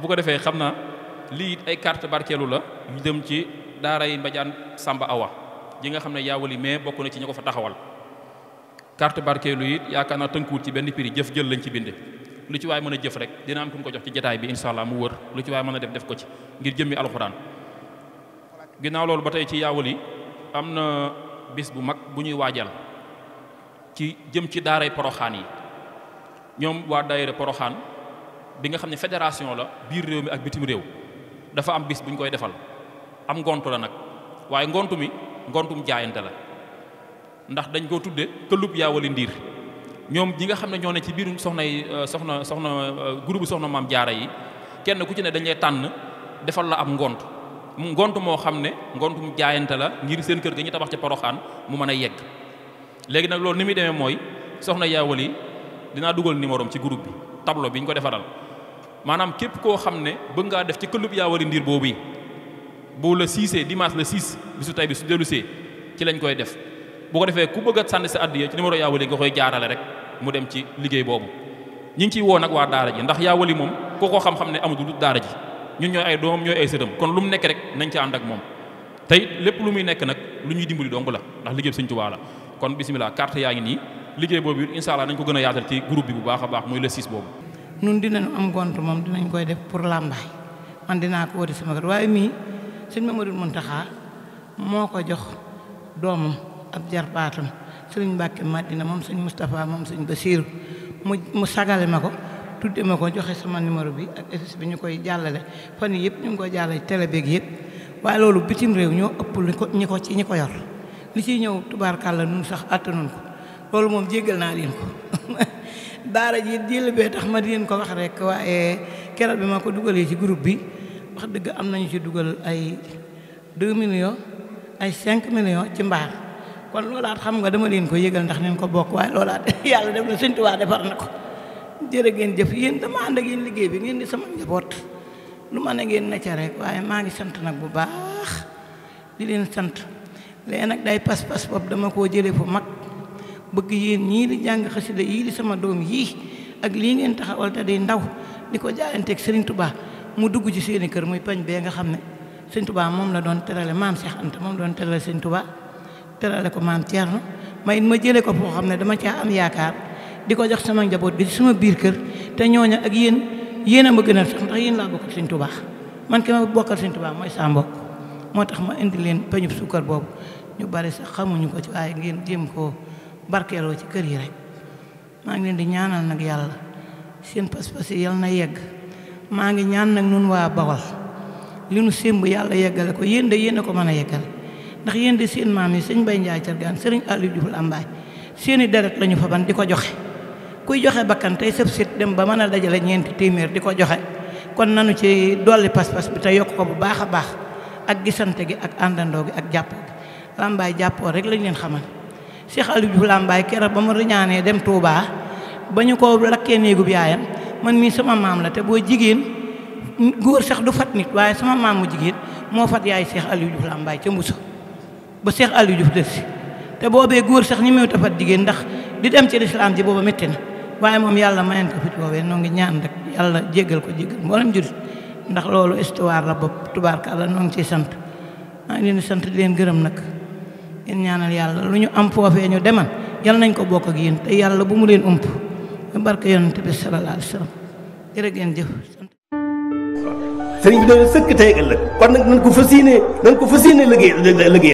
bu ko defee xam na lii it ay carte barkeelu la ñu dem ci daaray Mbadiane Samba Awa ji nga xam ne yaawali mais bokk na ci ñu ko fa taxawal carte barkeelu it yaakaar naa tënkuwut ci benn prix jëf jël lañ ci bind lu ci waay mën a jëf rek dina am ku ko jox ci jataay bi incha allah mu wër lu ci waay mën a def def ko ci ngir jëmmi alxuraan ginnaaw loolu ba tey ci yaawali am na bis bu mag bu ñuy waajal ci jëm ci daaray poroxaan yi ñoom waa daayira poroxaan bi nga xam ne fédération la biir réew mi ak bitim réew dafa am bis bu ñu koy defal am ngont la nag waaye ngont mi ngontum jaayante la ndax dañ koo tudde këllub yaawali wali ndiir ñoom ñi nga xam ne ñoo ne ci biir soxna yi euh, soxna soxna euh, groupe soxna maam jaara yi kenn ku ci ne dañuy tànn defal la am ngont ngont moo xam ne ngontum jaayante la ngir seen kër ga ñu tabax ci poroxaan mu mën a yegg léegi nag loolu ni muy demee mooy soxna yaa wali dinaa dugal numéro ci groupe bi tableau bi ñu ko defaral maanaam képp koo xam ne bëgg ngaa def ci këllub yaa wari ndiir boobu yi bu la siisee dimanche le 6 bisu tey bi su see ci lañ koy def bu ko defee ku bëgg a si sa addiya ci numéro yaa nga koy jaarale rek mu dem ci liggéey boobu ñi ngi ciy woo nag waa daara ji ndax yaa wali moom koo ko xam-xam ne amatul daara ji ñu ñooy ay doom ñooy ay sëtam kon lu mu nekk rek nañ ci ànd ak moom tey lépp lu muy nekk nag lu ñuy dimbali dong la ndax liggéey Sëñ Tuubaa la kon bisimilah carte yaa ngi nii liggéey a yaatal ci groupe bi bu baax a nun dinañu am gont moom dinañ koy def pour làmbaay man dinaa ko wari sama kër waaye mii sëñ Mamadou Muntaxa moo ko jox doomam ab jarbaatam sëriñ Mbàkke Madina moom sëñ Moustapha moom suñ Basiiru mu mu sagale ma ko tudde ma ko joxe sama numéro bi ak effice bi ñu koy jàllale fan yii yëpp ñu ngi koy jàllale télé beeg yëpp waaye loolu bitim réew ñoo ëpp li ko ñi ko ci ñi ko yor li ciy ñëw tubaarkàlla nun sax attanuñ ko loolu moom jéggal naa leen ko daara ji jël bee tax ma di leen ko wax rek waaye keroog bi ma ko dugalee ci groupe bi wax dëgg am nañu ci dugal ay 2 millions ay cinq million ci mbaar kon loolaat xam nga dama leen ko yëgal ndax neen ko bokk waaye loolaat yàlla def na Sëñ Tuubaa defar na ko jërë ngeen jëf yéen dama ànd ak yéen liggéey bi ngeen di sama njaboot lu ma ne ngeen ne rek waaye maa ngi sant nag bu baax di leen sant léegi nag day pas-pas bopp dama koo jëlee fu mag bëgg yéen ñii di jàng xasida yii di sama doom yii ak lii ngeen taxawal te di ndaw di ko jaayanteeg Serigne Touba mu dugg ci seeni kër muy pañ bee nga xam ne Serigne Touba moom la doon terale maam Cheikh Anta moom la doon terale Serigne Touba terale ko maam Thierno ma it ma jëlee ko foo xam ne dama caa am yaakaar di ko jox sama njaboot gi suma biir kër te ñooñu ak yéen yéen a ma gënal sax ndax yéen laa bokkal Serigne Touba man ki ma bokkal Serigne Touba mooy saa moo tax ma indi leen pañub suukar boobu ñu bari sax xamuñu ko ci waaye ngeen jéem koo barkeeloo ci kër yi rek maa ngi leen di ñaanal nag yàlla seen pas-pas yi na yegg maa ngi ñaan nag nun waa Bawol li nu sémb yàlla yeggale ko yéen de yéen a ko mën a yeggale ndax yéen de seen maam yi sëñ Bay Njaay Cargaan sëriñ Aliou Diouf Lambaay seeni deret lañu fa ban di ko joxe kuy joxe bakkan tey sëb sit dem ba mën a dajale ñeenti téeméer di ko joxe kon nanu ci dolli pas-pas bi te yokk ko bu baax a baax ak gisante gi ak àndandoo gi ak jàppoo gi Lambaay jàppoo rek lañ leen xamal Cheikh Aliou Diouf Lambaye keroog ba mu riñaanee dem Touba ba ñu ko lakkee néegub yaayam man mii sama maam la te boo jigéen góor sax du fat nit waaye sama maam mu jigéen moo fat yaay seex Cheikh Aliou Diouf Lambaye ca Mbuso ba Cheikh Aliou Diouf des si te boo boobee góor sax ni mewut a fat jigéen ndax di dem ci lislaam ji booba métti na waaye moom yàlla mayeen ko fit woowee noo ngi ñaan rek yàlla jéggal ko jéggal mboolem jurit ndax loolu histoire la bopp tubaarkàlla noo ngi ciy sant maa ngi sant di leen gërëm nag yéen ñaanal yàlla lu ñu am foofee ñu demal yal nañ ko bokk ak yéen te yàlla bu mu leen ump barke yonent bi sallallahu alayhi wa sallam jërë ngeen jëf. sëriñ bi daal sëkk tey ëllëg kon nag nañ ko fas yéene nañ ko